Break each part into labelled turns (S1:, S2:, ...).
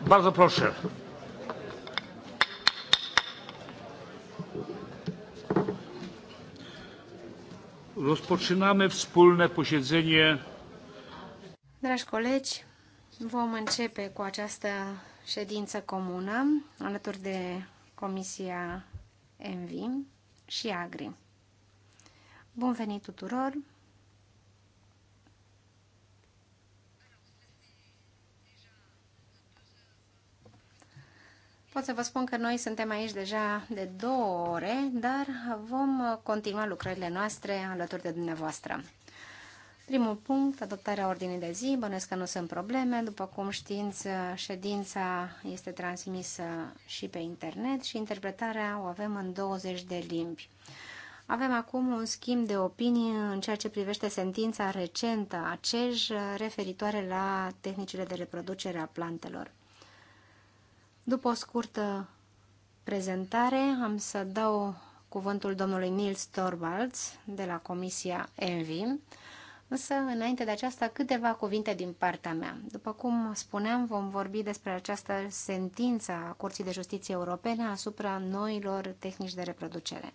S1: Bardzo proszę. Rozpoczynamy wspólne posiedzenie.
S2: Dragi colegi, vom începe cu această ședință comună alături de Comisia Envi și Agri. Bun venit tuturor! Pot să vă spun că noi suntem aici deja de două ore, dar vom continua lucrările noastre alături de dumneavoastră. Primul punct, adoptarea ordinii de zi. Bănuiesc că nu sunt probleme. După cum știți, ședința este transmisă și pe internet și interpretarea o avem în 20 de limbi. Avem acum un schimb de opinii în ceea ce privește sentința recentă a CEJ referitoare la tehnicile de reproducere a plantelor. După o scurtă prezentare, am să dau cuvântul domnului Nils Torvalds de la Comisia ENVI, însă înainte de aceasta câteva cuvinte din partea mea. După cum spuneam, vom vorbi despre această sentință a Curții de Justiție Europene asupra noilor tehnici de reproducere.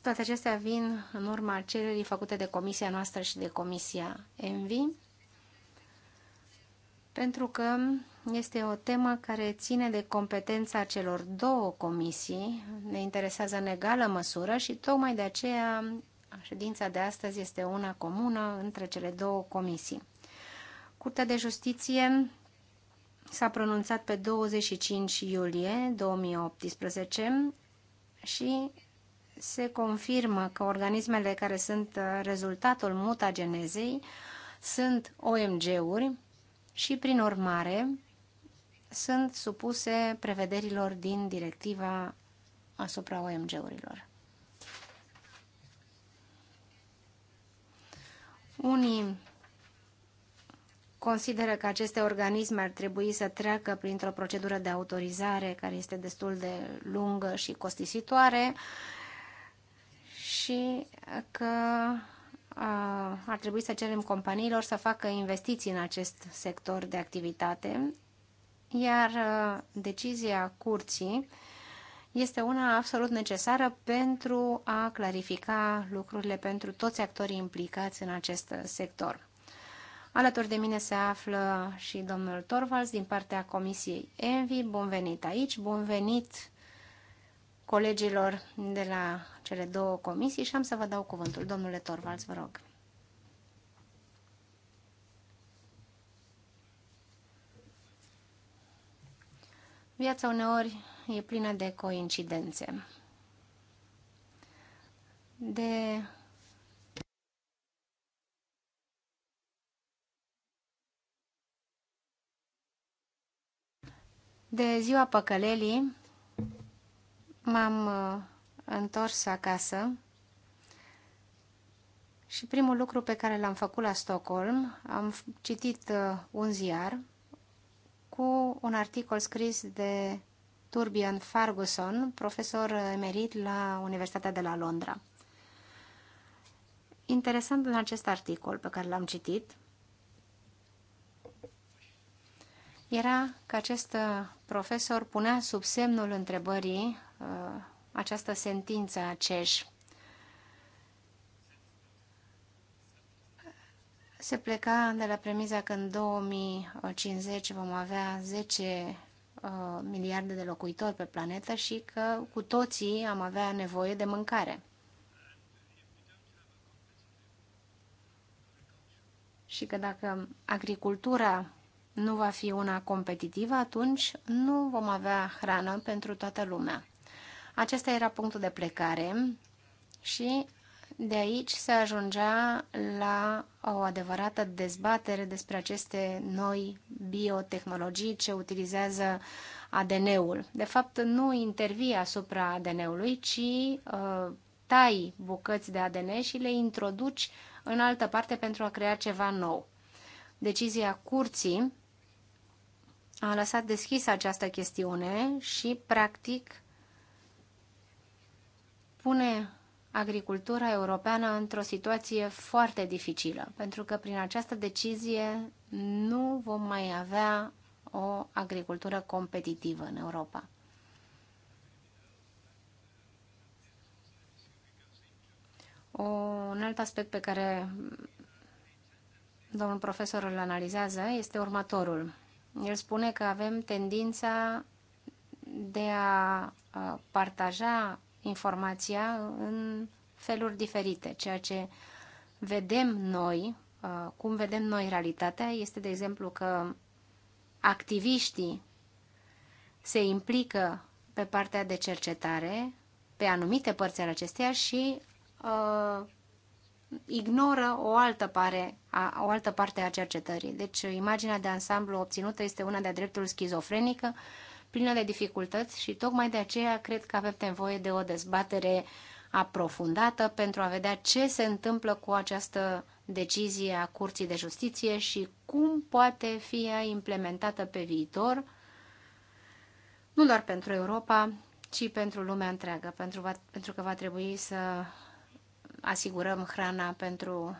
S2: Toate acestea vin în urma cererii făcute de comisia noastră și de comisia ENVI pentru că este o temă care ține de competența celor două comisii, ne interesează în egală măsură și tocmai de aceea ședința de astăzi este una comună între cele două comisii. Curtea de Justiție s-a pronunțat pe 25 iulie 2018 și se confirmă că organismele care sunt rezultatul mutagenezei sunt OMG-uri, și, prin urmare, sunt supuse prevederilor din directiva asupra OMG-urilor. Unii consideră că aceste organisme ar trebui să treacă printr-o procedură de autorizare care este destul de lungă și costisitoare și că ar trebui să cerem companiilor să facă investiții în acest sector de activitate, iar decizia curții este una absolut necesară pentru a clarifica lucrurile pentru toți actorii implicați în acest sector. Alături de mine se află și domnul Torvalds din partea Comisiei Envi. Bun venit aici, bun venit colegilor de la cele două comisii și am să vă dau cuvântul. Domnule Torvalds, vă rog. Viața uneori e plină de coincidențe. De De ziua păcălelii m-am uh, întors acasă și primul lucru pe care l-am făcut la Stockholm, am citit uh, un ziar cu un articol scris de Turbian Farguson, profesor emerit la Universitatea de la Londra. Interesant în acest articol pe care l-am citit, era că acest uh, profesor punea sub semnul întrebării Uh, această sentință a CEJ. Se pleca de la premiza că în 2050 vom avea 10 uh, miliarde de locuitori pe planetă și că cu toții am avea nevoie de mâncare. Și că dacă agricultura nu va fi una competitivă, atunci nu vom avea hrană pentru toată lumea. Acesta era punctul de plecare și de aici se ajungea la o adevărată dezbatere despre aceste noi biotehnologii ce utilizează ADN-ul. De fapt, nu intervii asupra ADN-ului, ci uh, tai bucăți de ADN și le introduci în altă parte pentru a crea ceva nou. Decizia curții a lăsat deschisă această chestiune și, practic, pune agricultura europeană într-o situație foarte dificilă, pentru că prin această decizie nu vom mai avea o agricultură competitivă în Europa. O, un alt aspect pe care domnul profesor îl analizează este următorul. El spune că avem tendința de a partaja informația în feluri diferite. Ceea ce vedem noi, uh, cum vedem noi realitatea, este, de exemplu, că activiștii se implică pe partea de cercetare, pe anumite părți ale acesteia și uh, ignoră o altă, pare, a, o altă parte a cercetării. Deci imaginea de ansamblu obținută este una de-a dreptul schizofrenică, uh, plină de dificultăți și tocmai de aceea cred că avem nevoie de o dezbatere aprofundată pentru a vedea ce se întâmplă cu această decizie a Curții de Justiție și cum poate fi implementată pe viitor, nu doar pentru Europa, ci pentru lumea întreagă, pentru, va, pentru că va trebui să asigurăm hrana pentru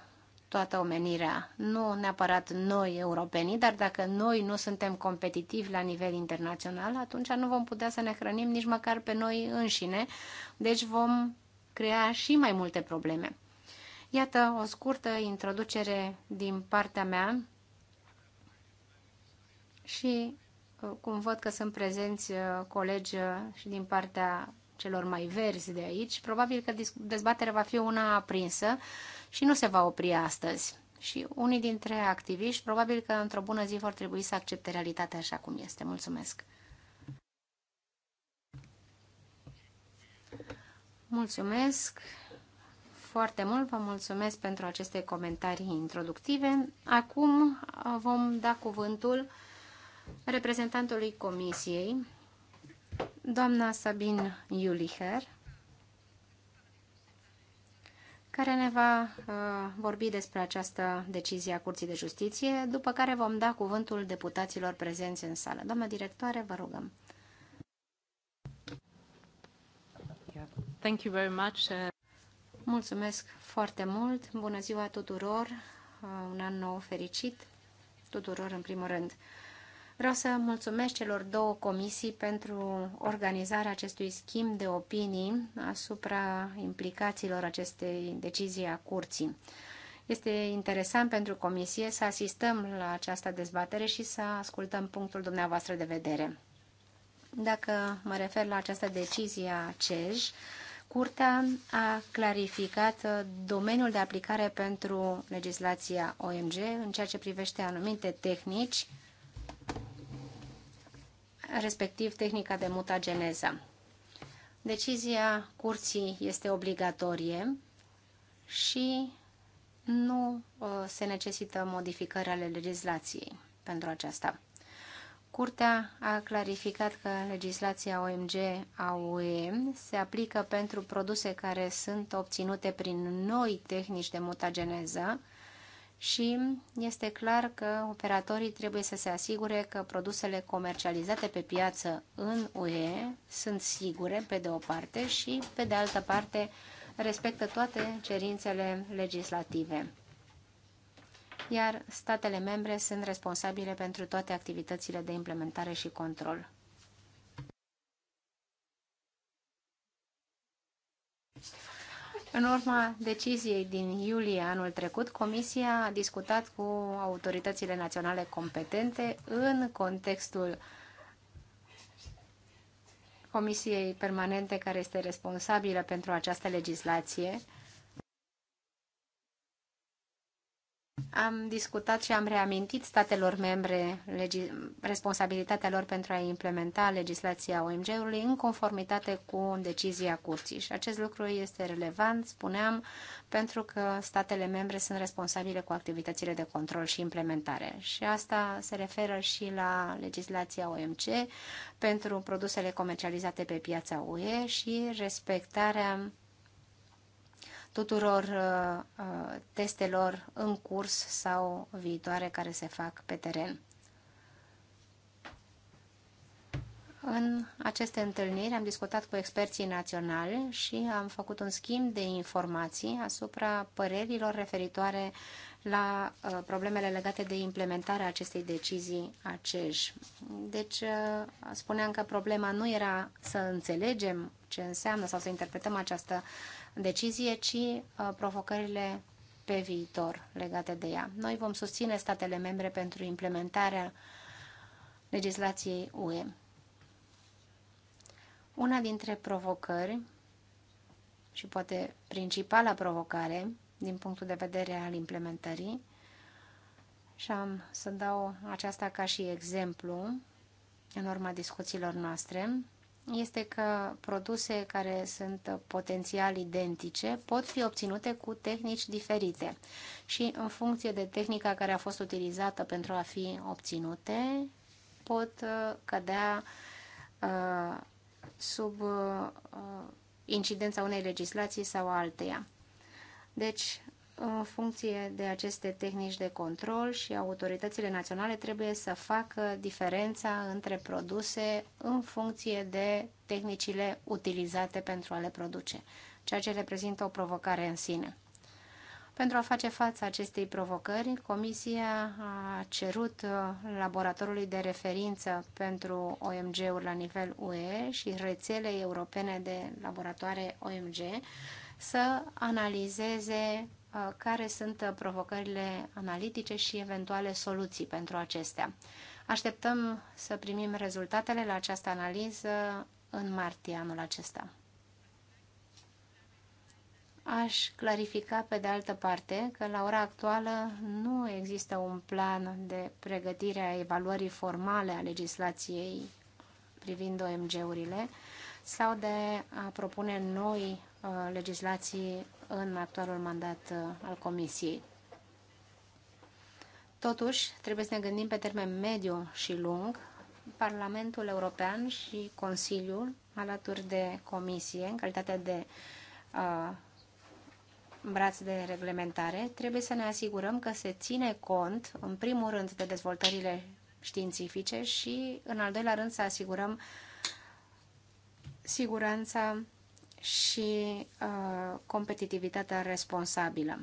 S2: toată omenirea, nu neapărat noi europenii, dar dacă noi nu suntem competitivi la nivel internațional, atunci nu vom putea să ne hrănim nici măcar pe noi înșine, deci vom crea și mai multe probleme. Iată o scurtă introducere din partea mea și uh, cum văd că sunt prezenți uh, colegi uh, și din partea celor mai verzi de aici, probabil că dezbaterea va fi una aprinsă și nu se va opri astăzi. Și unii dintre activiști probabil că într-o bună zi vor trebui să accepte realitatea așa cum este. Mulțumesc! Mulțumesc foarte mult, vă mulțumesc pentru aceste comentarii introductive. Acum uh, vom da cuvântul reprezentantului Comisiei, doamna Sabin Iuliher, care ne va uh, vorbi despre această decizie a Curții de Justiție, după care vom da cuvântul deputaților prezenți în sală. Doamna directoare, vă rugăm. Thank
S3: you very much. Uh,
S2: Mulțumesc foarte mult. Bună ziua tuturor. Uh, un an nou fericit tuturor în primul rând. Vreau să mulțumesc celor două comisii pentru organizarea acestui schimb de opinii asupra implicațiilor acestei decizii a curții. Este interesant pentru comisie să asistăm la această dezbatere și să ascultăm punctul dumneavoastră de vedere. Dacă mă refer la această decizie a CEJ, Curtea a clarificat domeniul de aplicare pentru legislația OMG în ceea ce privește anumite tehnici respectiv tehnica de mutageneză. Decizia curții este obligatorie și nu uh, se necesită modificări ale legislației pentru aceasta. Curtea a clarificat că legislația OMG a UE se aplică pentru produse care sunt obținute prin noi tehnici de mutageneză și este clar că operatorii trebuie să se asigure că produsele comercializate pe piață în UE sunt sigure, pe de o parte, și, pe de altă parte, respectă toate cerințele legislative. Iar statele membre sunt responsabile pentru toate activitățile de implementare și control. În urma deciziei din iulie anul trecut, Comisia a discutat cu autoritățile naționale competente în contextul Comisiei Permanente care este responsabilă pentru această legislație am discutat și am reamintit statelor membre responsabilitatea lor pentru a implementa legislația OMG-ului în conformitate cu decizia curții. Și acest lucru este relevant, spuneam, pentru că statele membre sunt responsabile cu activitățile de control și implementare. Și asta se referă și la legislația OMC pentru produsele comercializate pe piața UE și respectarea tuturor uh, uh, testelor în curs sau viitoare care se fac pe teren. În aceste întâlniri am discutat cu experții naționali și am făcut un schimb de informații asupra părerilor referitoare la uh, problemele legate de implementarea acestei decizii acești. Deci, uh, spuneam că problema nu era să înțelegem ce înseamnă sau să interpretăm această uh, decizie, ci uh, provocările pe viitor legate de ea. Noi vom susține statele membre pentru implementarea legislației UE. Una dintre provocări și poate principala provocare din punctul de vedere al implementării și am să dau aceasta ca și exemplu în urma discuțiilor noastre este că produse care sunt potențial identice pot fi obținute cu tehnici diferite și în funcție de tehnica care a fost utilizată pentru a fi obținute pot uh, cădea uh, sub uh, incidența unei legislații sau alteia. Deci, în funcție de aceste tehnici de control și autoritățile naționale trebuie să facă diferența între produse în funcție de tehnicile utilizate pentru a le produce, ceea ce reprezintă o provocare în sine. Pentru a face față acestei provocări, Comisia a cerut uh, laboratorului de referință pentru OMG-uri la nivel UE și rețelei europene de laboratoare OMG să analizeze Uh, care sunt uh, provocările analitice și eventuale soluții pentru acestea. Așteptăm să primim rezultatele la această analiză în martie anul acesta. Aș clarifica pe de altă parte că la ora actuală nu există un plan de pregătire a evaluării formale a legislației privind OMG-urile, sau de a propune noi uh, legislații în actualul mandat uh, al Comisiei. Totuși, trebuie să ne gândim pe termen mediu și lung. Parlamentul European și Consiliul, alături de Comisie, în calitate de uh, braț de reglementare, trebuie să ne asigurăm că se ține cont, în primul rând, de dezvoltările științifice și, în al doilea rând, să asigurăm uh, siguranța și uh, competitivitatea responsabilă.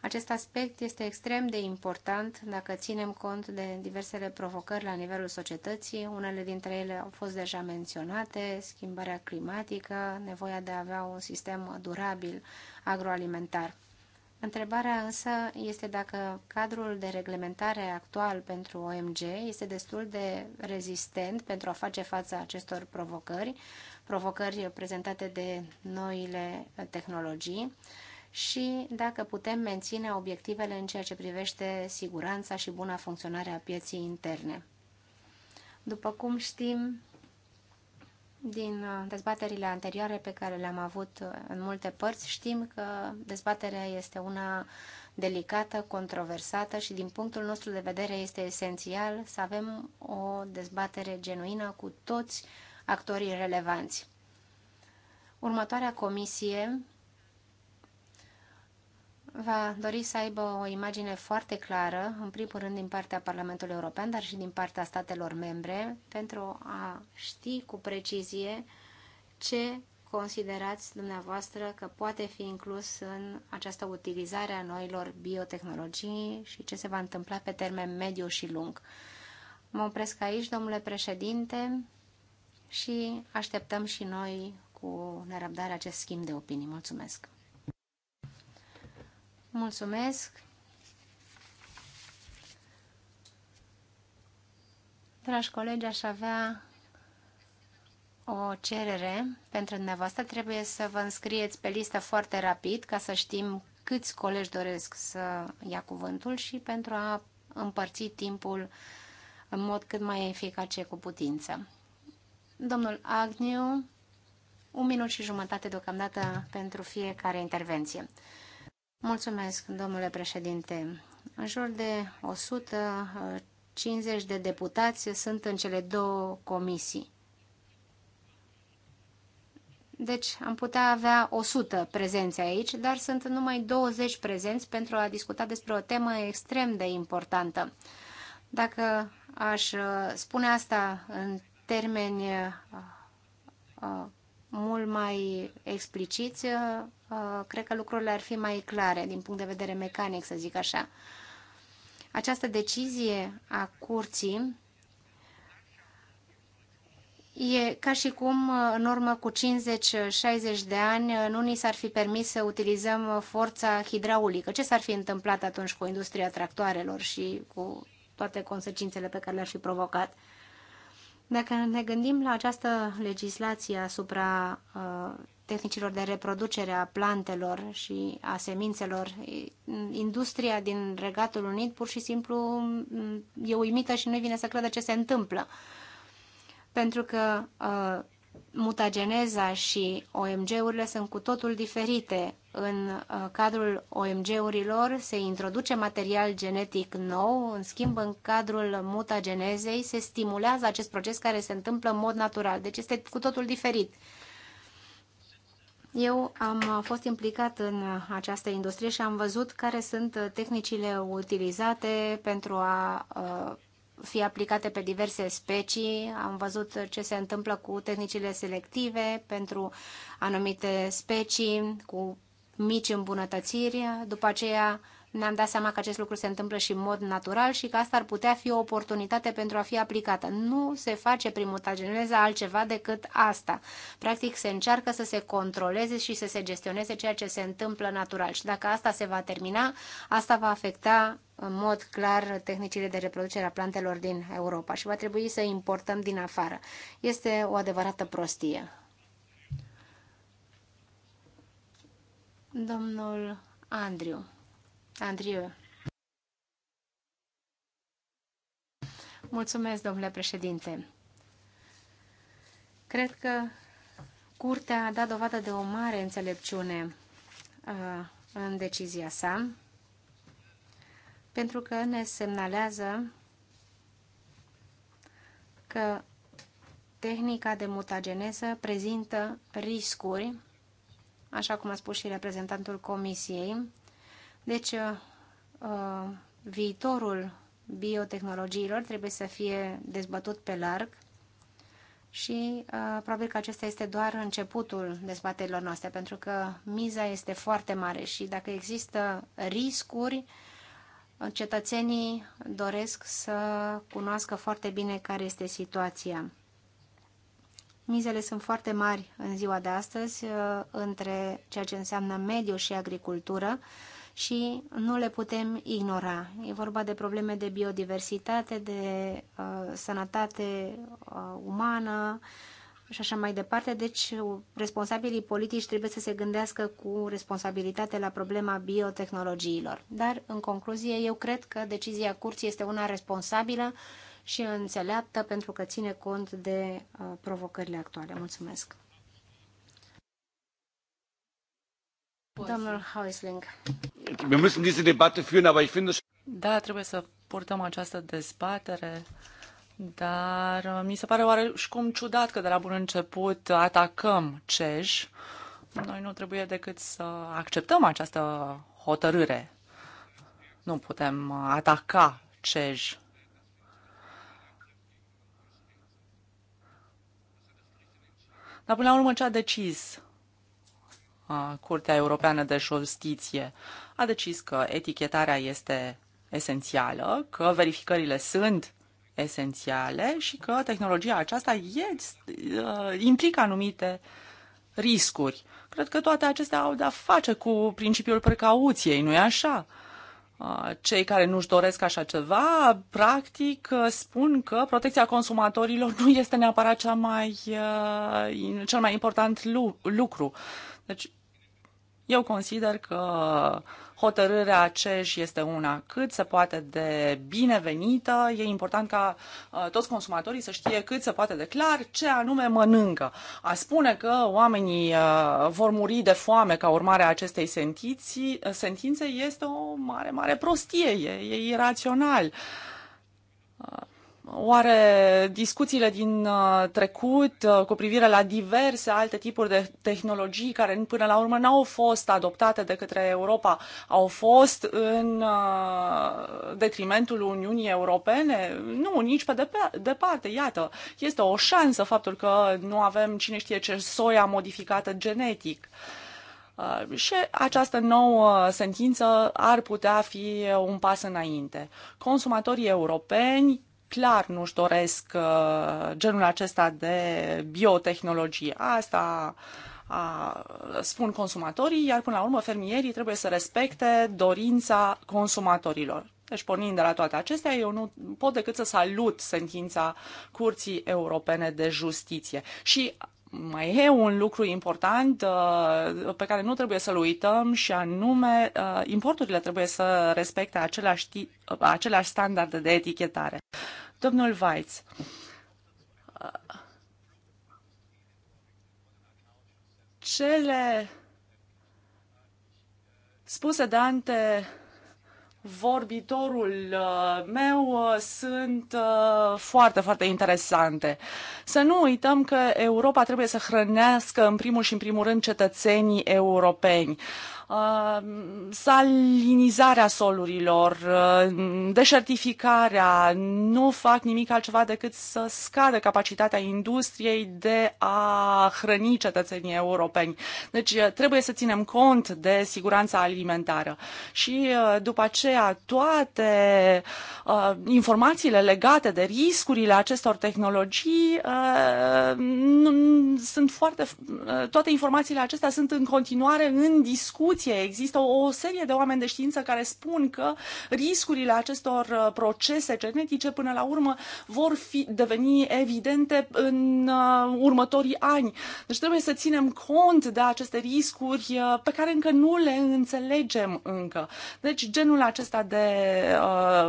S2: Acest aspect este extrem de important dacă ținem cont de diversele provocări la nivelul societății. Unele dintre ele au fost deja menționate, schimbarea climatică, nevoia de a avea un sistem durabil agroalimentar. Întrebarea însă este dacă cadrul de reglementare actual pentru OMG este destul de rezistent pentru a face față acestor provocări, provocări prezentate de noile tehnologii și dacă putem menține obiectivele în ceea ce privește siguranța și buna funcționare a pieții interne. După cum știm, din uh, dezbaterile anterioare pe care le-am avut uh, în multe părți, știm că dezbaterea este una delicată, controversată și din punctul nostru de vedere este esențial să avem o dezbatere genuină cu toți actorii relevanți. Următoarea comisie va dori să aibă o imagine foarte clară, în primul rând din partea Parlamentului European, dar și din partea statelor membre, pentru a ști cu precizie ce considerați dumneavoastră că poate fi inclus în această utilizare a noilor biotehnologii și ce se va întâmpla pe termen mediu și lung. Mă opresc aici, domnule președinte, și așteptăm și noi cu nerăbdare acest schimb de opinii. Mulțumesc! Mulțumesc. Dragi colegi, aș avea o cerere pentru dumneavoastră. Trebuie să vă înscrieți pe listă foarte rapid ca să știm câți colegi doresc să ia cuvântul și pentru a împărți timpul în mod cât mai eficace cu putință. Domnul Agniu, un minut și jumătate deocamdată pentru fiecare intervenție. Mulțumesc, domnule președinte. În jur de 150 de deputați sunt în cele două comisii. Deci am putea avea 100 prezenți aici, dar sunt numai 20 prezenți pentru a discuta despre o temă extrem de importantă. Dacă aș uh, spune asta în termeni uh, uh, mult mai expliciți, Uh, cred că lucrurile ar fi mai clare din punct de vedere mecanic, să zic așa. Această decizie a curții E ca și cum uh, în urmă cu 50-60 de ani uh, nu ni s-ar fi permis să utilizăm forța hidraulică. Ce s-ar fi întâmplat atunci cu industria tractoarelor și cu toate consecințele pe care le-ar fi provocat? Dacă ne gândim la această legislație asupra uh, tehnicilor de reproducere a plantelor și a semințelor. Industria din Regatul Unit pur și simplu e uimită și nu-i vine să credă ce se întâmplă. Pentru că uh, mutageneza și OMG-urile sunt cu totul diferite. În uh, cadrul OMG-urilor se introduce material genetic nou, în schimb în cadrul mutagenezei se stimulează acest proces care se întâmplă în mod natural. Deci este cu totul diferit. Eu am uh, fost implicat în uh, această industrie și am văzut care sunt uh, tehnicile utilizate pentru a fi aplicate pe diverse specii. Am văzut ce se întâmplă cu tehnicile selective pentru anumite specii, cu mici îmbunătățiri. După aceea ne-am dat seama că acest lucru se întâmplă și în mod natural și că asta ar putea fi o oportunitate pentru a fi aplicată. Nu se face prin mutageneza altceva decât asta. Practic se încearcă să se controleze și să se gestioneze ceea ce se întâmplă natural. Și dacă asta se va termina, asta va afecta în mod clar tehnicile de reproducere a plantelor din Europa și va trebui să importăm din afară. Este o adevărată prostie. Domnul Andriu. Andrieu. Mulțumesc, domnule președinte. Cred că curtea a dat dovadă de o mare înțelepciune în decizia sa, pentru că ne semnalează că tehnica de mutageneză prezintă riscuri, așa cum a spus și reprezentantul comisiei, deci, uh, uh, viitorul biotehnologiilor trebuie să fie dezbătut pe larg și uh, probabil că acesta este doar începutul dezbaterilor noastre, pentru că miza este foarte mare și dacă există riscuri, cetățenii doresc să cunoască foarte bine care este situația. Mizele sunt foarte mari în ziua de astăzi între ceea ce înseamnă mediu și agricultură și nu le putem ignora. E vorba de probleme de biodiversitate, de uh, sănătate uh, umană și așa mai departe. Deci, uh, responsabilii politici trebuie să se gândească cu responsabilitate la problema biotehnologiilor. Dar, în concluzie, eu cred că decizia curții este una responsabilă și înțeleaptă pentru că ține cont de uh, provocările actuale. Mulțumesc!
S1: Da, trebuie să purtăm această dezbatere, dar uh, mi se pare oareșcum ciudat că de la bun început atacăm CEJ. Noi nu trebuie decât să acceptăm această hotărâre. Nu putem uh, ataca CEJ. Dar până la urmă ce a decis Curtea Europeană de Justiție a decis că etichetarea este esențială, că verificările sunt esențiale și că tehnologia aceasta e, uh, implică anumite riscuri. Cred că toate acestea au de-a face cu principiul precauției, nu-i așa? Uh, cei care nu-și doresc așa ceva, practic, uh, spun că protecția consumatorilor nu este neapărat cea mai, cel mai important lucru. Deci, eu consider că hotărârea CEJ este una cât se poate de binevenită. E important ca uh, toți consumatorii să știe cât se poate de clar ce anume mănâncă. A spune că oamenii uh, vor muri de foame ca urmare a acestei sentințe este o mare, mare prostie, e, e irațional. Uh, Oare discuțiile din uh, trecut uh, cu privire la diverse alte tipuri de tehnologii care până la urmă n-au fost adoptate de către Europa au fost în uh, detrimentul Uniunii Europene? Nu, nici pe departe. Iată, este o șansă faptul că nu avem cine știe ce soia modificată genetic. Și această nouă sentință ar putea fi un pas înainte. Consumatorii europeni clar nu-și doresc uh, genul acesta de biotehnologie. Asta a, spun consumatorii, iar până la urmă fermierii trebuie să respecte dorința consumatorilor. Deci, pornind de la toate acestea, eu nu pot decât să salut sentința Curții Europene de Justiție. Și mai e un lucru important uh, pe care nu trebuie să-l uităm și anume uh, importurile trebuie să respecte aceleași, uh, aceleași standarde de etichetare. Domnul Weitz, cele spuse de ante vorbitorul uh, meu uh, sunt uh, foarte, foarte interesante. Să nu uităm că Europa trebuie să hrănească în primul și în primul rând cetățenii europeni. Uh, salinizarea solurilor, uh, deșertificarea, nu fac nimic altceva decât să scadă capacitatea industriei de a hrăni cetățenii europeni. Deci uh, trebuie să ținem cont de siguranța alimentară. Și după aceea toate informațiile legate de riscurile acestor tehnologii sunt foarte, toate informațiile acestea sunt în continuare în discuție discuție. Există o serie de oameni de știință care spun că riscurile acestor uh, procese genetice până la urmă vor fi deveni evidente în uh, următorii ani. Deci trebuie să ținem cont de aceste riscuri uh, pe care încă nu le înțelegem încă. Deci genul acesta de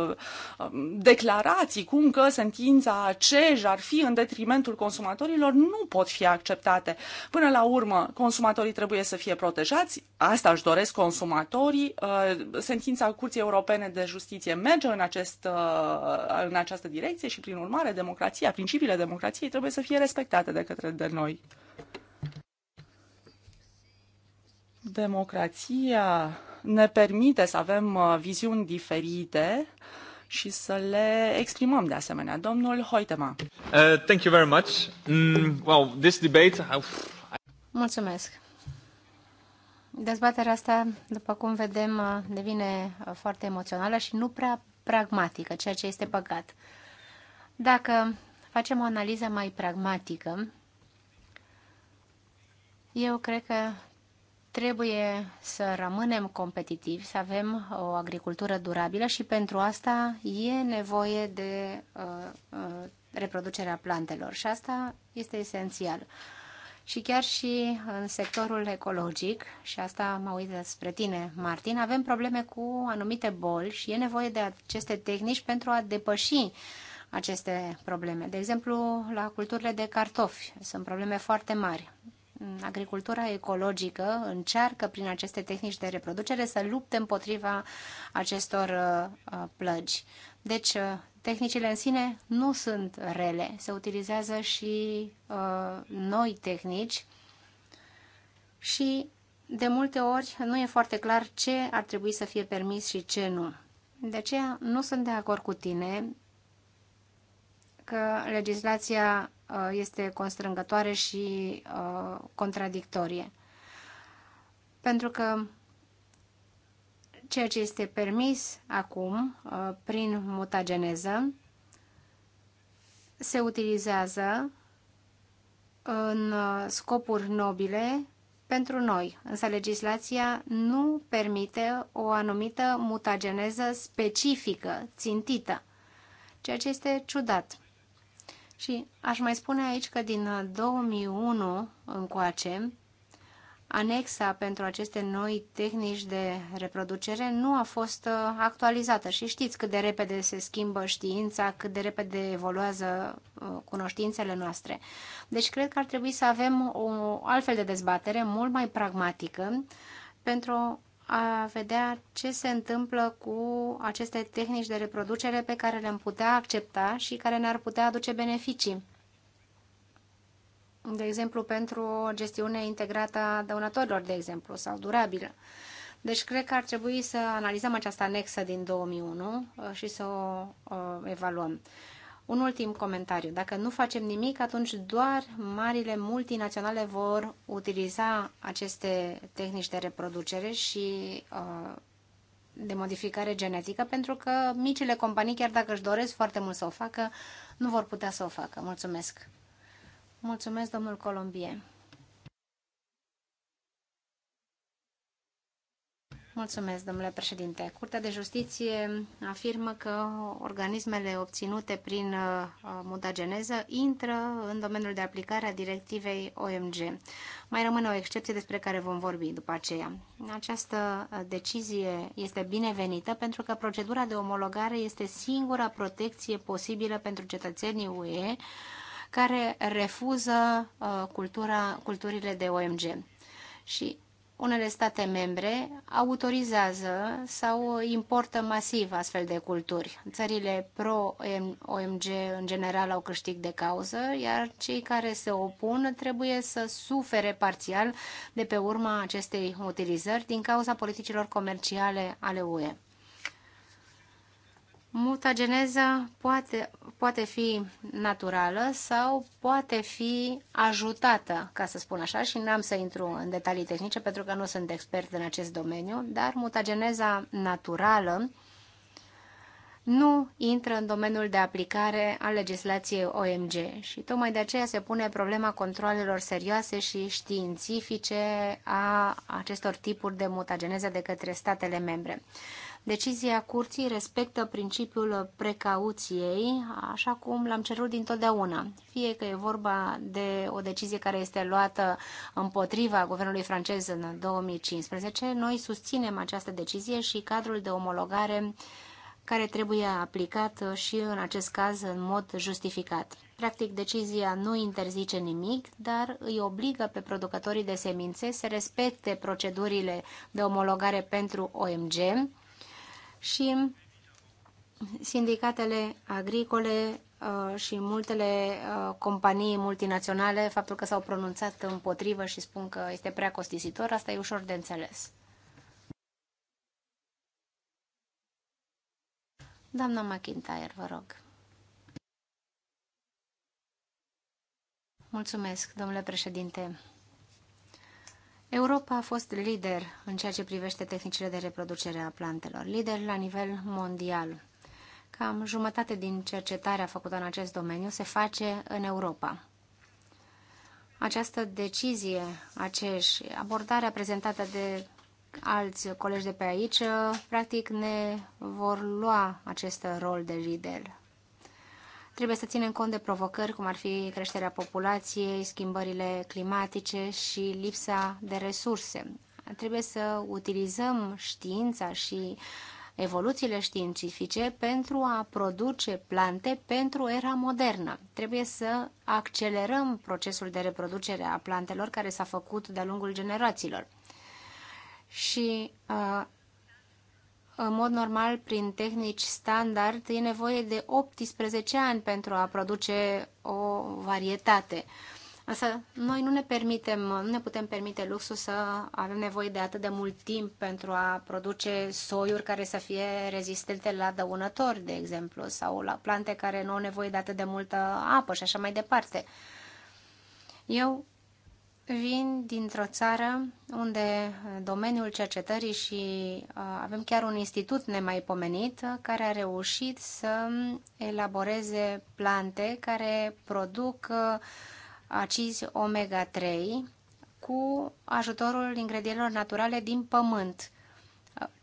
S1: uh, um, declarații, cum că sentința CEJ ar fi în detrimentul consumatorilor, nu pot fi acceptate. Până la urmă, consumatorii trebuie să fie protejați, asta își doresc consumatorii. Uh, sentința Curții Europene de Justiție merge în, acest, uh, în această direcție și, prin urmare, democrația, principiile democrației trebuie să fie respectate de către de noi. Democrația ne permite să avem uh, viziuni diferite și să le exprimăm de asemenea. Domnul Hoitema. Uh, thank you very much. Mm, well, this debate... Mulțumesc. Dezbaterea
S2: asta, după cum vedem, devine foarte emoțională și nu prea pragmatică, ceea ce este păcat. Dacă facem o analiză mai pragmatică, eu cred că trebuie să rămânem competitivi, să avem o agricultură durabilă și pentru asta e nevoie de uh, uh, reproducerea plantelor și asta este esențial. Uh, și chiar și în sectorul ecologic, și asta mă uit spre tine, Martin, avem probleme cu anumite boli și e nevoie de aceste tehnici pentru a depăși aceste probleme. De exemplu, la culturile de cartofi sunt probleme foarte mari. Mm, agricultura ecologică încearcă prin aceste tehnici de reproducere să lupte împotriva acestor uh, uh, plăgi. Deci, uh, tehnicile în sine nu sunt rele. Se utilizează și noi tehnici și de multe ori nu e foarte clar ce ar trebui să fie permis și ce nu. De aceea nu sunt de acord cu tine că legislația Uh, este constrângătoare și uh, contradictorie. Pentru că ceea ce este permis acum uh, prin mutageneză se utilizează în scopuri nobile pentru noi, însă legislația nu permite o anumită mutageneză specifică, țintită, ceea ce este ciudat. Și aș mai spune aici că din 2001 încoace, anexa pentru aceste noi tehnici de reproducere nu a fost uh, actualizată și știți cât de repede se schimbă știința, cât de repede evoluează uh, cunoștințele noastre. Deci cred că ar trebui să avem o altfel de dezbatere mult mai pragmatică pentru a vedea ce se întâmplă cu aceste tehnici de reproducere pe care le-am putea accepta și care ne-ar putea aduce beneficii. De exemplu, pentru o gestiune integrată a dăunătorilor, de exemplu, sau durabilă. Deci cred că ar trebui să analizăm această anexă din 2001 uh, și să o uh, evaluăm. Un ultim comentariu. Dacă nu facem nimic, atunci doar marile multinaționale vor utiliza aceste tehnici de reproducere și uh, de modificare genetică, pentru că micile companii, chiar dacă își doresc foarte mult să o facă, nu vor putea să o facă. Mulțumesc! Mulțumesc, domnul Colombie! Mulțumesc, domnule președinte. Curtea de Justiție afirmă că organismele obținute prin uh, mutageneză intră în domeniul de aplicare a directivei OMG. Mai rămâne o excepție despre care vom vorbi după aceea. Această uh, decizie este binevenită pentru că procedura de omologare este singura protecție posibilă pentru cetățenii UE care refuză uh, cultura, culturile de OMG. Și unele state membre autorizează sau importă masiv astfel de culturi. Țările pro-OMG în general au câștig de cauză, iar cei care se opun trebuie să sufere parțial de pe urma acestei utilizări din cauza politicilor comerciale ale UE mutageneza poate, poate fi naturală sau poate fi ajutată, ca să spun așa, și n-am să intru în detalii tehnice pentru că nu sunt expert în acest domeniu, dar mutageneza naturală nu intră în domeniul de aplicare a legislației OMG și tocmai de aceea se pune problema controlelor serioase și științifice a acestor tipuri de mutageneză de către statele membre. Decizia curții respectă principiul precauției, așa cum l-am cerut dintotdeauna. Fie că e vorba de o decizie care este luată împotriva guvernului francez în 2015, noi susținem această decizie și cadrul de omologare care trebuie aplicat și în acest caz în mod justificat. Practic, decizia nu interzice nimic, dar îi obligă pe producătorii de semințe să respecte procedurile de omologare pentru OMG, și sindicatele agricole uh, și multele uh, companii multinaționale, faptul că s-au pronunțat împotrivă și spun că este prea costisitor, asta e ușor de înțeles. Doamna McIntyre, vă rog. Mulțumesc, domnule președinte. Europa a fost lider în ceea ce privește tehnicile de reproducere a plantelor, lider la nivel mondial. Cam jumătate din cercetarea făcută în acest domeniu se face în Europa. Această decizie, acești abordarea prezentată de alți colegi de pe aici, practic ne vor lua acest rol de lider Trebuie să ținem cont de provocări, cum ar fi creșterea populației, schimbările climatice și lipsa de resurse. Trebuie să utilizăm știința și evoluțiile științifice pentru a produce plante pentru era modernă. Trebuie să accelerăm procesul de reproducere a plantelor care s-a făcut de-a lungul generațiilor. Și uh, în mod normal, prin tehnici standard, e nevoie de 18 ani pentru a produce o varietate. Însă noi nu ne permitem, nu ne putem permite luxul să avem nevoie de atât de mult timp pentru a produce soiuri care să fie rezistente la dăunători, de exemplu, sau la plante care nu au nevoie de atât de multă apă și așa mai departe. Eu vin dintr-o țară unde uh, domeniul cercetării și uh, avem chiar un institut nemaipomenit uh, care a reușit să um, elaboreze plante care produc acizi omega-3 cu ajutorul ingredientelor naturale din pământ,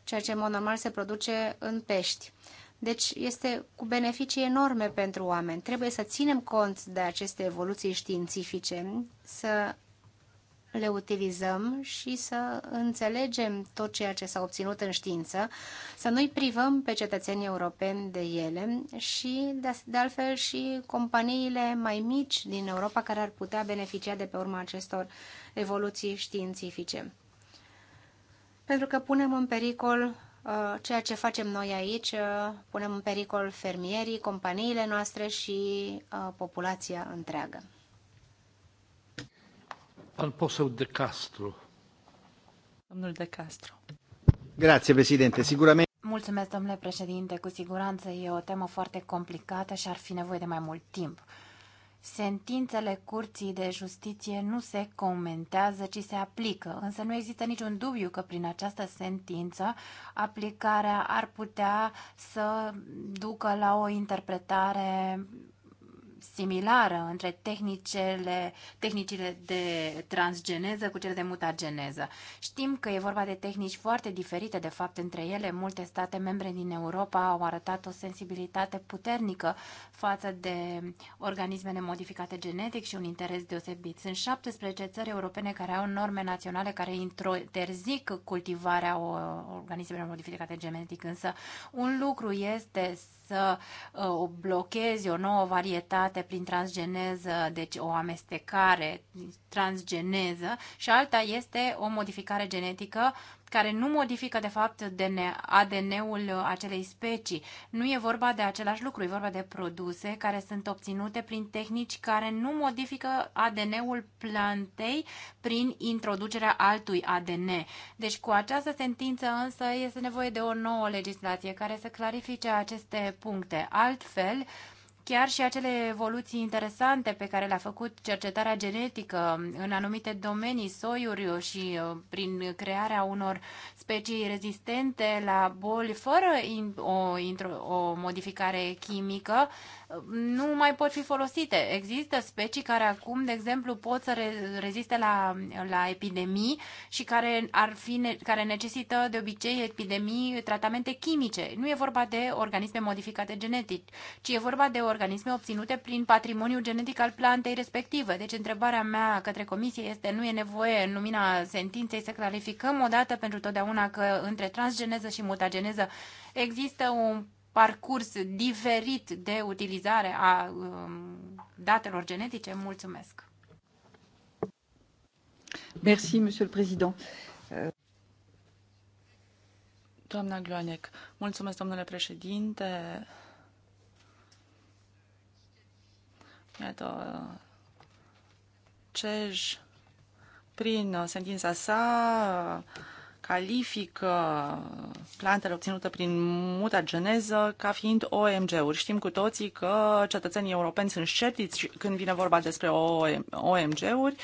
S2: ceea ce în mod normal se produce în pești. Deci este cu beneficii enorme pentru oameni. Trebuie să ținem cont de aceste evoluții științifice, să le utilizăm și să înțelegem tot ceea ce s-a obținut în știință, să nu-i privăm pe cetățenii europeni de ele și, de altfel, și companiile mai mici din Europa care ar putea beneficia de pe urma acestor evoluții științifice. Pentru că punem în pericol uh, ceea ce facem noi aici, uh, punem în pericol fermierii, companiile noastre și uh, populația întreagă.
S3: Pan poseł De Castro. Domnul De Castro. Grazie, președinte. Siguramente. Mulțumesc, domnule președinte. Cu siguranță e o temă foarte complicată și ar fi nevoie de mai mult timp. Sentințele Curții de Justiție nu se comentează, ci se aplică, însă nu există niciun dubiu că prin această sentință aplicarea ar putea să ducă la o interpretare similară între tehnicele, tehnicile de transgeneză cu cele de mutageneză. Știm că e vorba de tehnici foarte diferite, de fapt, între ele. Multe state membre din Europa au arătat o sensibilitate puternică față de organismele modificate genetic și un interes deosebit. Sunt 17 țări europene care au norme naționale care interzic cultivarea organismelor modificate genetic, însă un lucru este să uh, o blochezi o nouă varietate prin transgeneză, deci o amestecare transgeneză și alta este o modificare genetică care nu modifică, de fapt, ADN-ul acelei specii. Nu e vorba de același lucru, e vorba de produse care sunt obținute prin tehnici care nu modifică ADN-ul plantei prin introducerea altui ADN. Deci, cu această sentință, însă, este nevoie de o nouă legislație care să clarifice aceste puncte. Altfel, uh, Chiar și acele evoluții interesante pe care le-a făcut cercetarea genetică în anumite domenii, soiuri și uh, prin crearea unor specii rezistente la boli fără o, o modificare chimică, nu mai pot fi folosite. Există specii care acum, de exemplu, pot să re- reziste la, la epidemii și care, ar fi ne- care necesită de obicei epidemii tratamente chimice. Nu e vorba de organisme modificate genetic, ci e vorba de organisme obținute prin patrimoniul genetic al plantei respective. Deci întrebarea mea către comisie este nu e nevoie în lumina sentinței să clarificăm odată pentru totdeauna că între transgeneză și mutageneză există un parcurs diferit de utilizare a um, datelor genetice? Mulțumesc!
S1: Merci, Monsieur le Président. Doamna Gloanec, mulțumesc, domnule președinte. Iată, CEJ, prin sentința sa, califică plantele obținute prin mutageneză ca fiind OMG-uri. Știm cu toții că cetățenii europeni sunt sceptici când vine vorba despre OMG-uri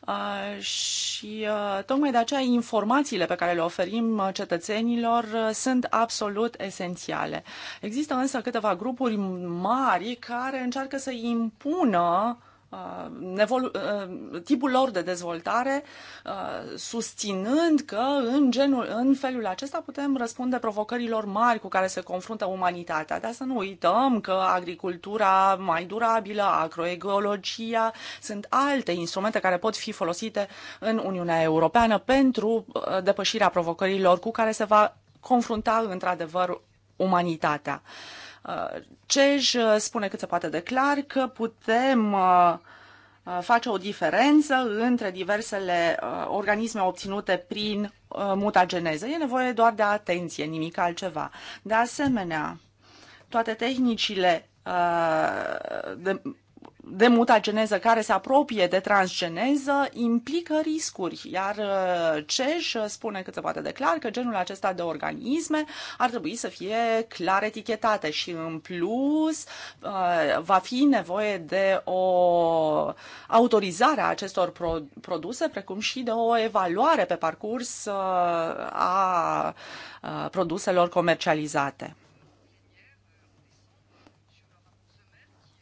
S1: uh, și uh, tocmai de aceea informațiile pe care le oferim uh, cetățenilor sunt absolut esențiale. Există însă câteva grupuri mari care încearcă să impună uh, Uh, uh, tipul lor de dezvoltare, uh, susținând că în, genul, în felul acesta putem răspunde provocărilor mari cu care se confruntă umanitatea. Dar să nu uităm că agricultura mai durabilă, agroecologia, sunt alte instrumente care pot fi folosite în Uniunea Europeană pentru depășirea provocărilor cu care se va confrunta într-adevăr umanitatea. Uh, CEJ uh, spune cât se poate de clar că putem uh, uh, face o diferență între diversele organisme obținute prin mutageneză. E nevoie doar de atenție, nimic altceva. De asemenea, toate tehnicile de de mutageneză care se apropie de transgeneză implică riscuri, iar uh, CEJ spune cât se poate de clar că genul acesta de organisme ar trebui să fie clar etichetate și în plus uh, va fi nevoie de o autorizare a acestor produse, precum și de o evaluare pe parcurs uh, a produselor comercializate.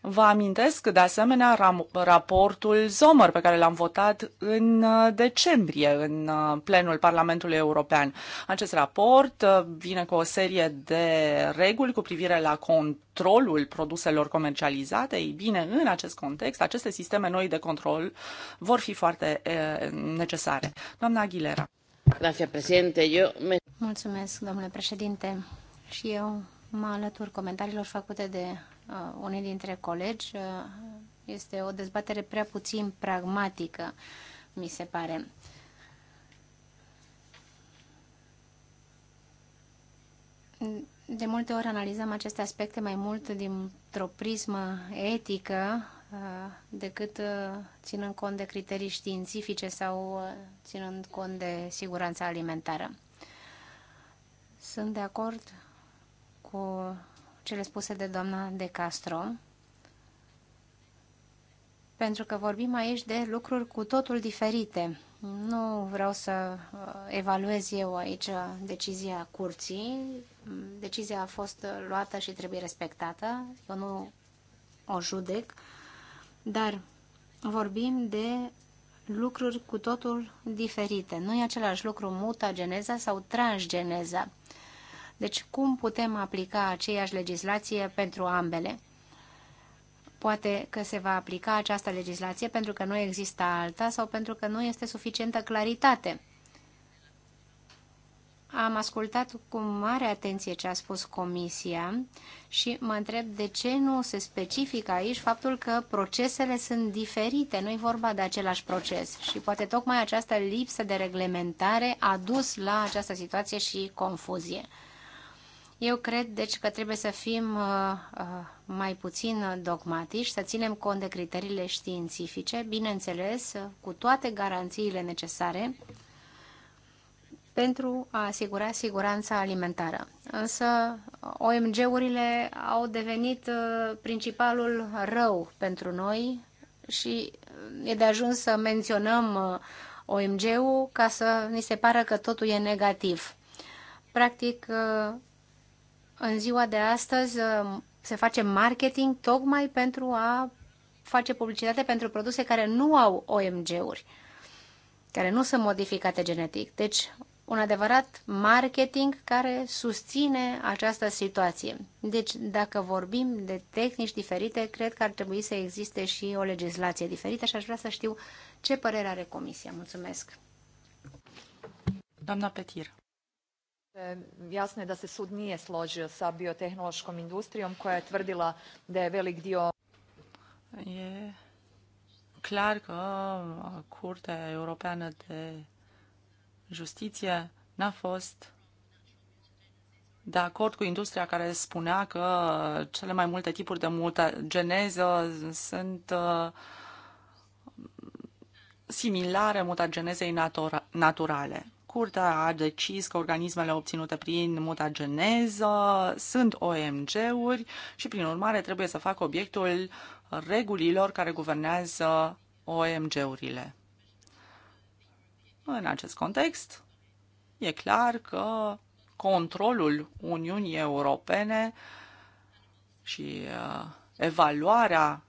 S1: Vă amintesc de asemenea raportul Zomer pe care l-am votat în uh, decembrie în uh, plenul Parlamentului European. Acest raport uh, vine cu o serie de reguli cu privire la controlul produselor comercializate. Ei bine, în acest context, aceste sisteme noi de control vor fi foarte e, necesare. Doamna Aguilera.
S2: Mulțumesc, domnule președinte. Și eu mă alătur comentariilor făcute de Uh, unii dintre colegi, uh, este o dezbatere prea puțin pragmatică, mi se pare. De multe ori analizăm aceste aspecte mai mult dintr-o prismă etică uh, decât ținând cont de criterii științifice sau ținând cont de siguranța alimentară. Sunt de acord cu cele spuse de doamna De Castro, pentru că vorbim aici de lucruri cu totul diferite. Nu vreau să uh, evaluez eu aici uh, decizia curții. Decizia a fost uh, luată și trebuie respectată. Eu nu o judec, dar vorbim de lucruri cu totul diferite. Nu e același lucru mutageneza sau transgeneza. Deci cum putem aplica aceeași legislație pentru ambele? Poate că se va aplica această legislație pentru că nu există alta sau pentru că nu este suficientă claritate. Am ascultat cu mare atenție ce a spus Comisia și mă întreb de ce nu se specifică aici faptul că procesele sunt diferite, nu-i vorba de același proces și poate tocmai această lipsă de reglementare a dus la această situație și confuzie. Eu cred, deci, că trebuie să fim uh, uh, mai puțin dogmatici, să ținem cont de criteriile științifice, bineînțeles, cu toate garanțiile necesare pentru a asigura siguranța alimentară. Însă OMG-urile au devenit uh, principalul rău pentru noi și e de ajuns să menționăm OMG-ul ca să ni se pară că totul e negativ. Practic, în ziua de astăzi uh, se face marketing tocmai pentru a face publicitate pentru produse care nu au OMG-uri, care nu sunt modificate genetic. Deci, un adevărat marketing care susține această situație. Deci, dacă vorbim de tehnici diferite, cred că ar trebui să existe și o legislație diferită și aș vrea să știu
S3: ce părere are Comisia. Mulțumesc!
S1: Doamna Petir. Jasno je da se sud nije složio sa biotehnološkom industrijom koja je tvrdila da je velik dio... E clar că Curtea Europeană de Justiție n-a fost de acord cu industria care spunea că cele mai multe tipuri de mutageneză sunt similare mutagenezei natura- naturale scurtă a decis că organismele obținute prin mutageneză sunt OMG-uri și, prin urmare, trebuie să facă obiectul regulilor care guvernează OMG-urile. În acest context, e clar că controlul Uniunii Europene și uh, evaluarea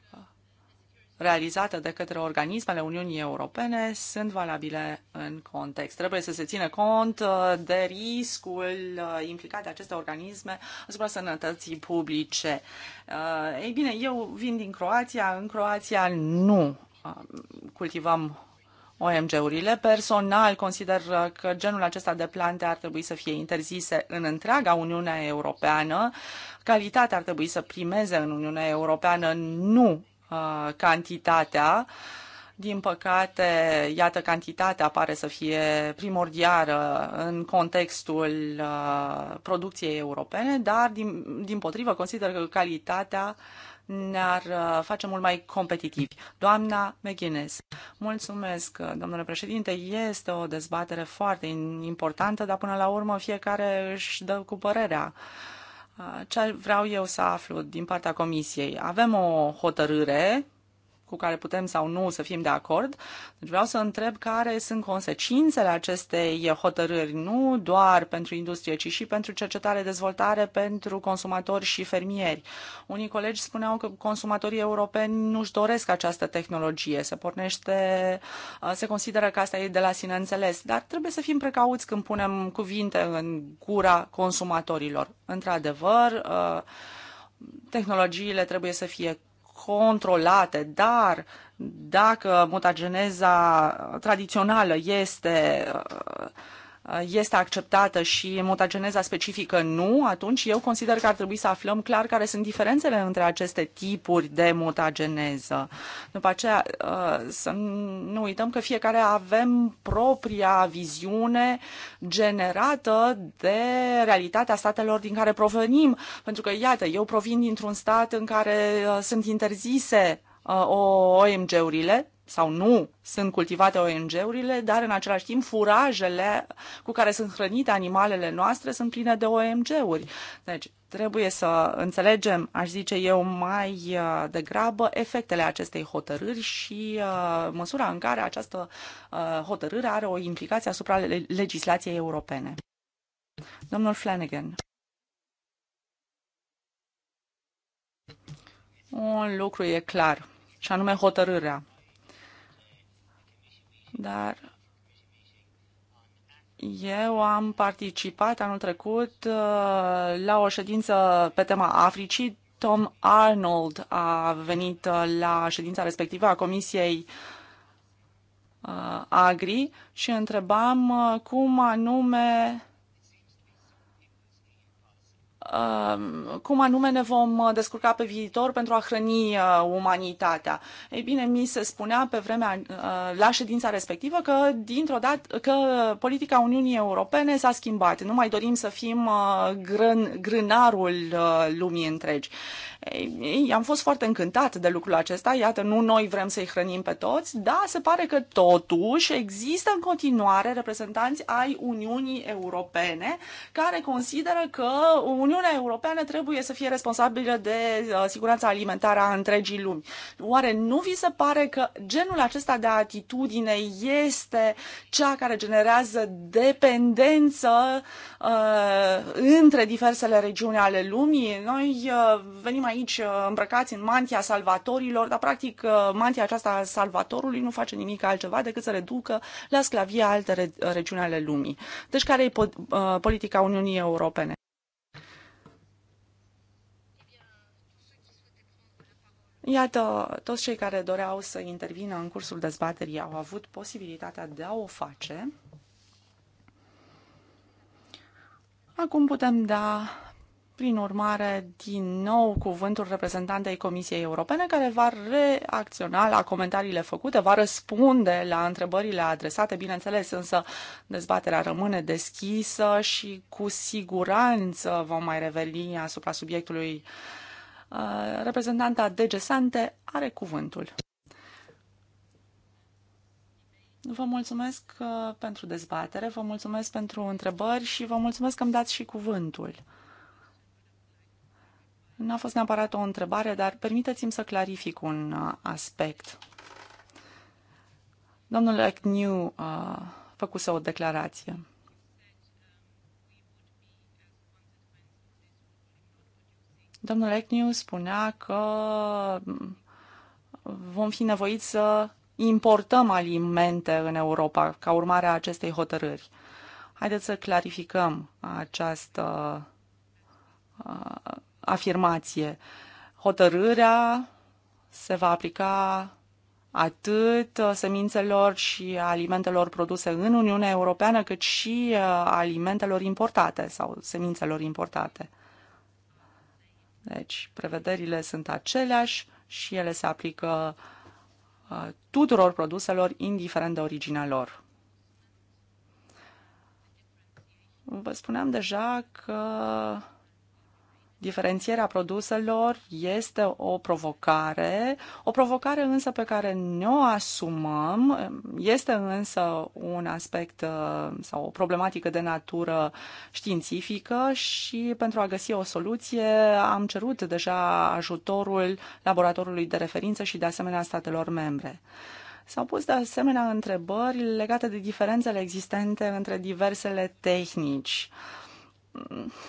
S1: realizate de către organismele Uniunii Europene sunt valabile în context. Trebuie să se țină cont uh, de riscul uh, implicat de aceste organisme asupra sănătății publice. Uh, ei bine, eu vin din Croația. În Croația nu cultivăm OMG-urile. Personal consider că genul acesta de plante ar trebui să fie interzise în întreaga Uniunea Europeană. Calitatea ar trebui să primeze în Uniunea Europeană, nu Uh, cantitatea. Din păcate, iată, cantitatea pare să fie primordială în contextul uh, producției europene, dar, din, din potrivă, consider că calitatea ne-ar uh, face mult mai competitivi. Doamna McGuinness, mulțumesc, domnule președinte, este o dezbatere foarte importantă, dar până la urmă fiecare își dă cu părerea. Uh, ce vreau eu să aflu din partea Comisiei? Avem o hotărâre cu care putem sau nu să fim de acord. Deci vreau să întreb care sunt consecințele acestei hotărâri, nu doar pentru industrie, ci și pentru cercetare, dezvoltare, pentru consumatori și fermieri. Unii colegi spuneau că consumatorii europeni nu-și doresc această tehnologie. Se pornește, uh, se consideră că asta e de la sine înțeles, dar trebuie să fim precauți când punem cuvinte în gura consumatorilor. Într-adevăr, uh, tehnologiile trebuie să fie controlate, dar dacă mutageneza tradițională este uh, Uh, este acceptată și mutageneza specifică nu, atunci eu consider că ar trebui să aflăm clar care sunt diferențele între aceste tipuri de mutageneză. După aceea, uh, să nu uităm că fiecare avem propria viziune generată de realitatea statelor din care provenim, pentru că, iată, eu provin dintr-un stat în care uh, sunt interzise OMG-urile, sau nu sunt cultivate OMG-urile, dar în același timp furajele cu care sunt hrănite animalele noastre sunt pline de OMG-uri. Deci trebuie să înțelegem, aș zice eu, mai uh, degrabă efectele acestei hotărâri și uh, măsura în care această uh, hotărâre are o implicație asupra legislației europene. Domnul Flanagan. Un lucru e clar, și anume hotărârea dar eu am participat anul trecut uh, la o ședință pe tema Africii. Tom Arnold a venit uh, la ședința respectivă a Comisiei uh, Agri și întrebam cum anume Um, cum anume ne vom uh, descurca pe viitor pentru a hrăni uh, umanitatea. Ei bine, mi se spunea pe vremea uh, la ședința respectivă că dintr-o dată că politica Uniunii Europene s-a schimbat. Nu mai dorim să fim grân, grânarul lumii întregi. Ei, am fost foarte încântat de lucrul acesta. Iată, nu noi vrem să-i hrănim pe toți, dar se pare că totuși există în continuare reprezentanți ai Uniunii Europene care consideră că Uniunea Uniunea Europeană trebuie să fie responsabilă de uh, siguranța alimentară a întregii lumi. Oare nu vi se pare că genul acesta de atitudine este cea care generează dependență uh, între diversele regiuni ale lumii? Noi uh, venim aici uh, îmbrăcați în mantia salvatorilor, dar practic uh, mantia aceasta a salvatorului nu face nimic altceva decât să reducă la sclavie alte re- regiuni ale lumii. Deci care e po- uh, politica Uniunii Europene? Iată, toți cei care doreau să intervină în cursul dezbaterii au avut posibilitatea de a o face. Acum putem da, prin urmare, din nou cuvântul reprezentantei Comisiei Europene, care va reacționa la comentariile făcute, va răspunde la întrebările adresate, bineînțeles, însă dezbaterea rămâne deschisă și cu siguranță vom mai reveni asupra subiectului uh, Uh, reprezentanta DG Sante are cuvântul. Vă mulțumesc uh, pentru dezbatere, vă mulțumesc pentru întrebări și vă mulțumesc că îmi dați și cuvântul. Nu a fost neapărat o întrebare, dar permiteți-mi să clarific un uh, aspect. Domnul Agnew a făcut o declarație. Domnul Ecniu spunea că vom fi nevoiți să importăm alimente în Europa ca urmare a acestei hotărâri. Haideți să clarificăm această uh, afirmație. Hotărârea se va aplica atât semințelor și alimentelor produse în Uniunea Europeană, cât și uh, alimentelor importate sau semințelor importate. Deci, prevederile sunt aceleași și ele se aplică uh, tuturor produselor, indiferent de originea lor. Vă spuneam deja că Diferențierea produselor este o provocare, o provocare însă pe care ne-o asumăm, este însă un aspect uh, sau o problematică de natură științifică și pentru a găsi o soluție am cerut deja ajutorul laboratorului de referință și de asemenea statelor membre. S-au pus de asemenea întrebări legate de diferențele existente între diversele tehnici.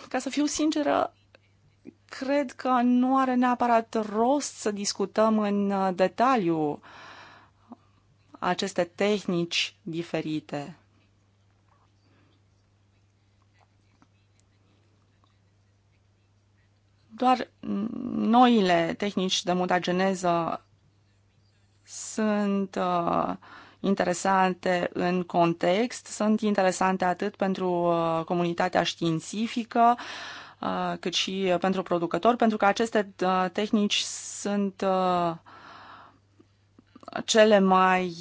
S1: Ca să fiu sinceră, cred că nu are neapărat rost să discutăm în uh, detaliu aceste tehnici diferite. Doar noile tehnici de mutageneză sunt uh, interesante în context, sunt interesante atât pentru uh, comunitatea științifică, uh, Uh, cât și uh, pentru producători, pentru că aceste uh, tehnici sunt cele mai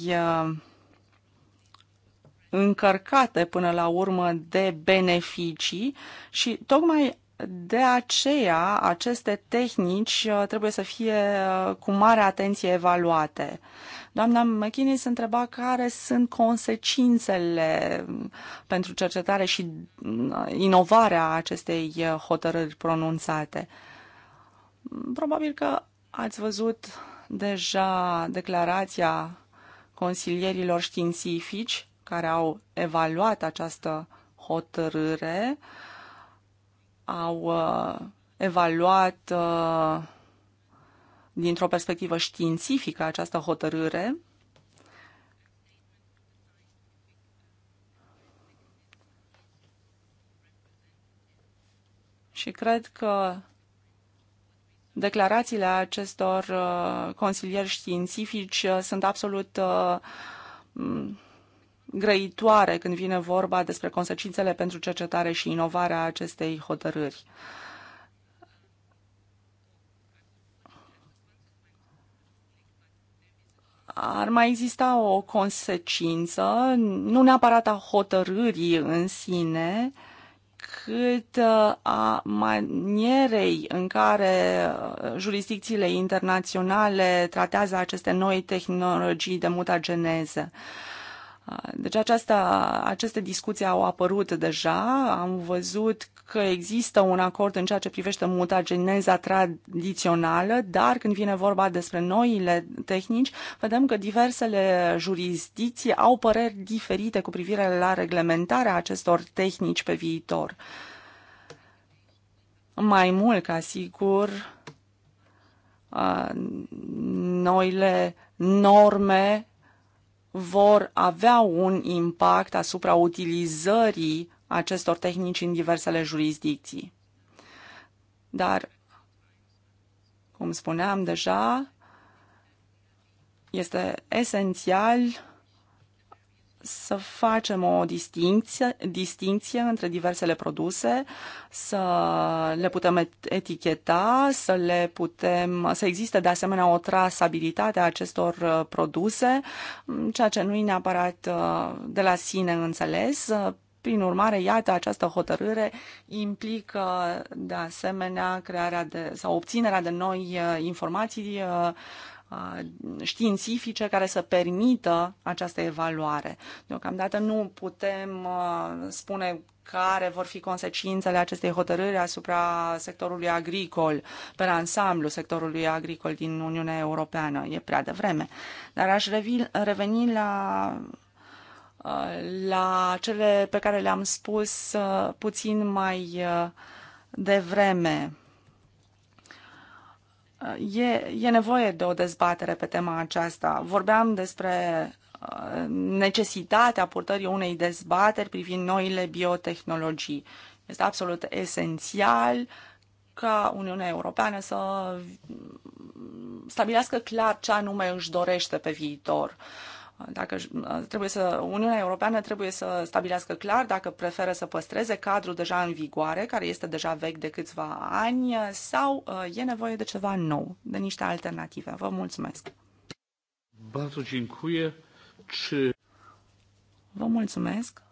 S1: încărcate până la urmă de beneficii și tocmai de aceea, aceste tehnici uh, trebuie să fie uh, cu mare atenție evaluate. Doamna McKinney se întreba care sunt consecințele um, pentru cercetare și uh, inovarea acestei hotărâri pronunțate. Probabil că ați văzut deja declarația consilierilor științifici care au evaluat această hotărâre. Uh, au uh, evaluat uh, dintr-o perspectivă științifică această hotărâre și cred că declarațiile acestor uh, consilieri științifici sunt absolut grăitoare când vine vorba despre consecințele pentru cercetare și inovarea acestei hotărâri. ar mai exista o consecință, nu neapărat a hotărârii în sine, cât uh, a manierei în care uh, jurisdicțiile internaționale tratează aceste noi tehnologii de mutageneză. Deci aceasta, aceste discuții au apărut deja, am văzut că există un acord în ceea ce privește mutageneza tradițională, dar când vine vorba despre noile tehnici, vedem că diversele jurisdicții au păreri diferite cu privire la reglementarea acestor tehnici pe viitor. Mai mult ca sigur, noile norme vor avea un impact asupra utilizării acestor tehnici în diversele jurisdicții. Dar, cum spuneam deja, este esențial să facem o distinție, distinție între diversele produse, să le putem eticheta, să le putem, să existe de asemenea o trasabilitate a acestor uh, produse, mm, ceea ce nu e neapărat uh, de la sine înțeles. Prin urmare, iată, această hotărâre implică de asemenea crearea de, sau obținerea de noi uh, informații Uh, științifice care să permită această evaluare. Deocamdată nu putem uh, spune care vor fi consecințele acestei hotărâri asupra sectorului agricol, pe ansamblu sectorului agricol din Uniunea Europeană. E prea devreme. Dar aș reveni la uh, la cele pe care le-am spus puțin mai devreme. E, e nevoie de o dezbatere pe tema aceasta. Vorbeam despre uh, necesitatea purtării unei dezbateri privind noile biotehnologii. Este absolut esențial ca Uniunea Europeană să stabilească clar ce anume își dorește pe viitor. Uh, dacă trebuie să, Uniunea Europeană trebuie să stabilească clar dacă preferă să păstreze cadrul deja în vigoare, care este deja vechi de câțiva ani, sau uh, e nevoie de ceva nou, de niște alternative. Vă mulțumesc! Bardzo dziękuję. Czy... Vă mulțumesc!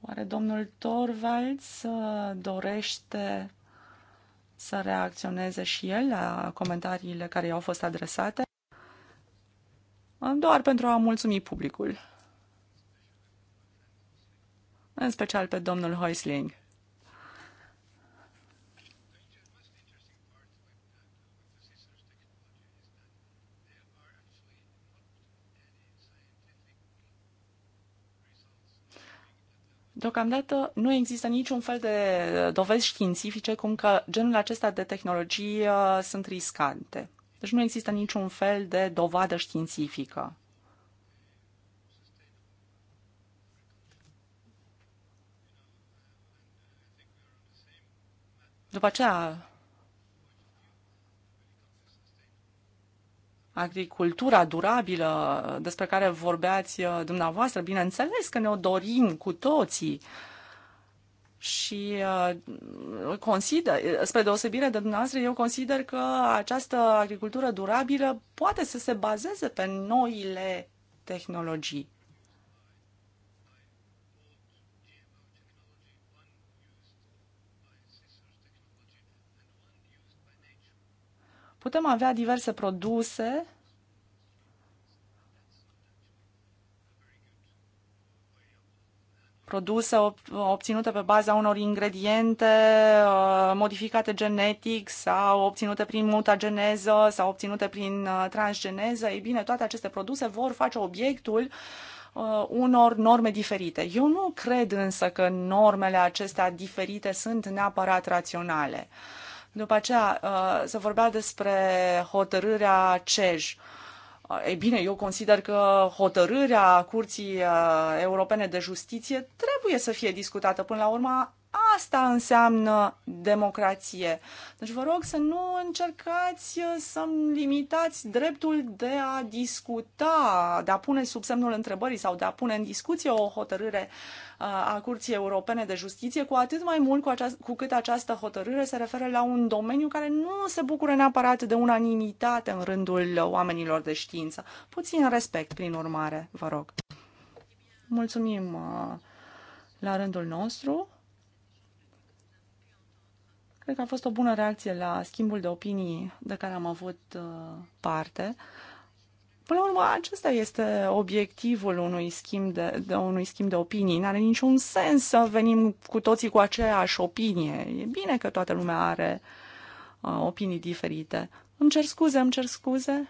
S1: Oare domnul Torvalds uh, dorește să reacționeze și el la comentariile care i-au fost adresate, doar pentru a mulțumi publicul, în special pe domnul Heusling. Deocamdată nu există niciun fel de dovezi științifice cum că genul acesta de tehnologii uh, sunt riscante. Deci nu există niciun fel de dovadă științifică. După aceea, agricultura durabilă despre care vorbeați uh, dumneavoastră, bineînțeles că ne-o dorim cu toții și uh, consider, spre deosebire de dumneavoastră, eu consider că această agricultură durabilă poate să se bazeze pe noile tehnologii. Putem avea diverse produse produse obținute pe baza unor ingrediente uh, modificate genetic sau obținute prin mutageneză sau obținute prin uh, transgeneză, ei bine, toate aceste produse vor face obiectul uh, unor norme diferite. Eu nu cred însă că normele acestea diferite sunt neapărat raționale. Uh, după aceea uh, se vorbea despre hotărârea CEJ. Uh, ei bine, eu consider că hotărârea Curții uh, Europene de Justiție trebuie să fie discutată. Până la urmă, Asta înseamnă democrație. Deci vă rog să nu încercați uh, să-mi limitați dreptul de a discuta, de a pune sub semnul întrebării sau de a pune în discuție o hotărâre uh, a Curții Europene de Justiție, cu atât mai mult cu, aceast- cu cât această hotărâre se referă la un domeniu care nu se bucură neapărat de unanimitate în rândul oamenilor de știință. Puțin respect, prin urmare, vă rog. Mulțumim uh, la rândul nostru. Cred că a fost o bună reacție la schimbul de opinii de care am avut uh, parte. Până la urmă, acesta este obiectivul unui schimb de, de, unui schimb de opinii. N-are niciun sens să venim cu toții cu aceeași opinie. E bine că toată lumea are uh, opinii diferite. Îmi cer scuze, îmi cer scuze.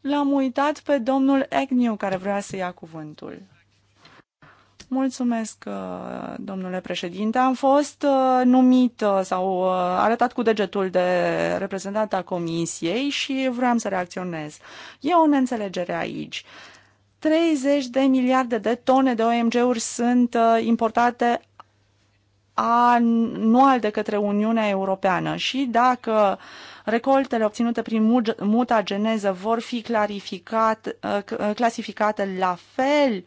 S1: L-am uitat pe domnul Agnew care vrea să ia cuvântul. Mulțumesc, uh, domnule președinte. Am fost uh, numit uh, sau arătat cu degetul de reprezentant comisiei și vreau să reacționez. E o neînțelegere aici. 30 de miliarde de tone de OMG-uri sunt importate anual de către Uniunea Europeană și dacă recoltele obținute prin mutageneză vor fi clarificat, clasificate la fel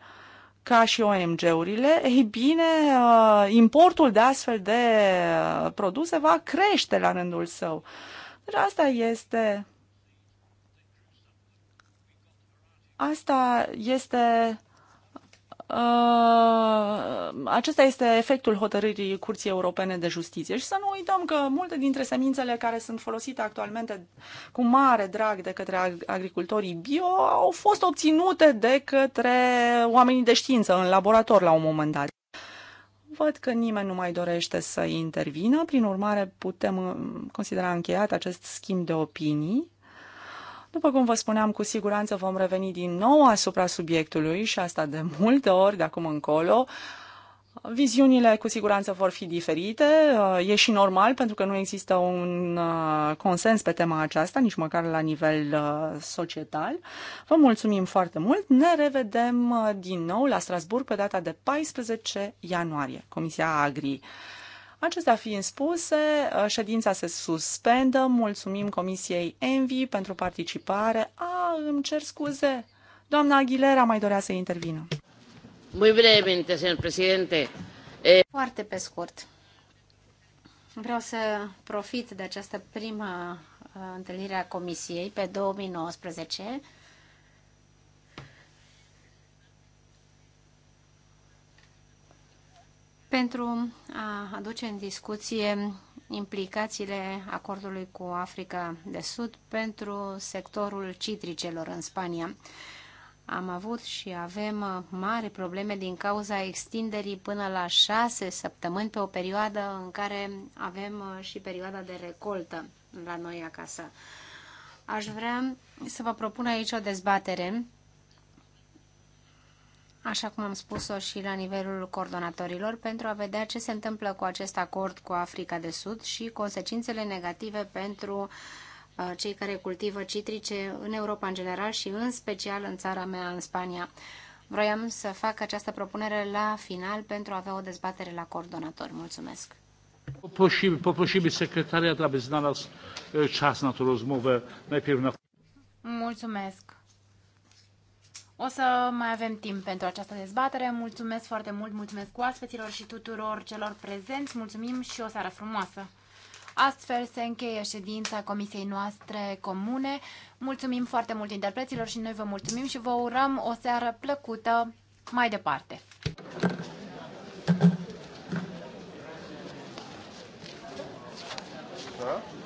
S1: ca și OMG-urile, ei bine, uh, importul de astfel de uh, produse va crește la rândul său. Deci asta este Asta este Uh, acesta este efectul hotărârii Curții Europene de Justiție. Și să nu uităm că multe dintre semințele care sunt folosite actualmente cu mare drag de către agricultorii bio au fost obținute de către oamenii de știință în laborator la un moment dat. Văd că nimeni nu mai dorește să intervină, prin urmare putem uh, considera încheiat acest schimb de opinii. După cum vă spuneam, cu siguranță vom reveni din nou asupra subiectului și asta de multe ori de acum încolo. Viziunile cu siguranță vor fi diferite, e și normal pentru că nu există un uh, consens pe tema aceasta, nici măcar la nivel uh, societal. Vă mulțumim foarte mult, ne revedem uh, din nou la Strasburg pe data de 14 ianuarie, Comisia Agri. Acestea fiind spuse, uh, ședința se suspendă. Mulțumim Comisiei Envi pentru participare. A, îmi cer scuze. Doamna Aguilera mai dorea să intervină.
S2: Muy brevemente, señor presidente. Eh, Foarte pe scurt. Vreau să profit de această prima uh, întâlnire a Comisiei pe 2019 pentru a aduce în discuție implicațiile acordului cu Africa de Sud pentru sectorul citricelor în Spania. Am avut și avem mari probleme din cauza extinderii până la șase săptămâni pe o perioadă în care avem și perioada de recoltă la noi acasă. Aș vrea să vă propun aici o dezbatere așa cum am spus-o și la nivelul coordonatorilor, pentru a vedea ce se întâmplă cu acest acord cu Africa de Sud și consecințele negative pentru uh, cei care cultivă citrice în Europa în general și în special în țara mea, în Spania. Vroiam să fac această propunere la final pentru a avea o dezbatere la coordonator. Mulțumesc!
S1: Poprosimy, poprosimy aby znalazł czas na tą rozmowę. Najpierw na...
S3: Mulțumesc! O să mai avem timp pentru această dezbatere. Mulțumesc foarte mult, mulțumesc oaspeților și tuturor celor prezenți. Mulțumim și o seară frumoasă! Astfel se încheie ședința comisiei noastre comune. Mulțumim foarte mult interpreților și noi vă mulțumim și vă urăm o seară plăcută mai departe. Huh? Da?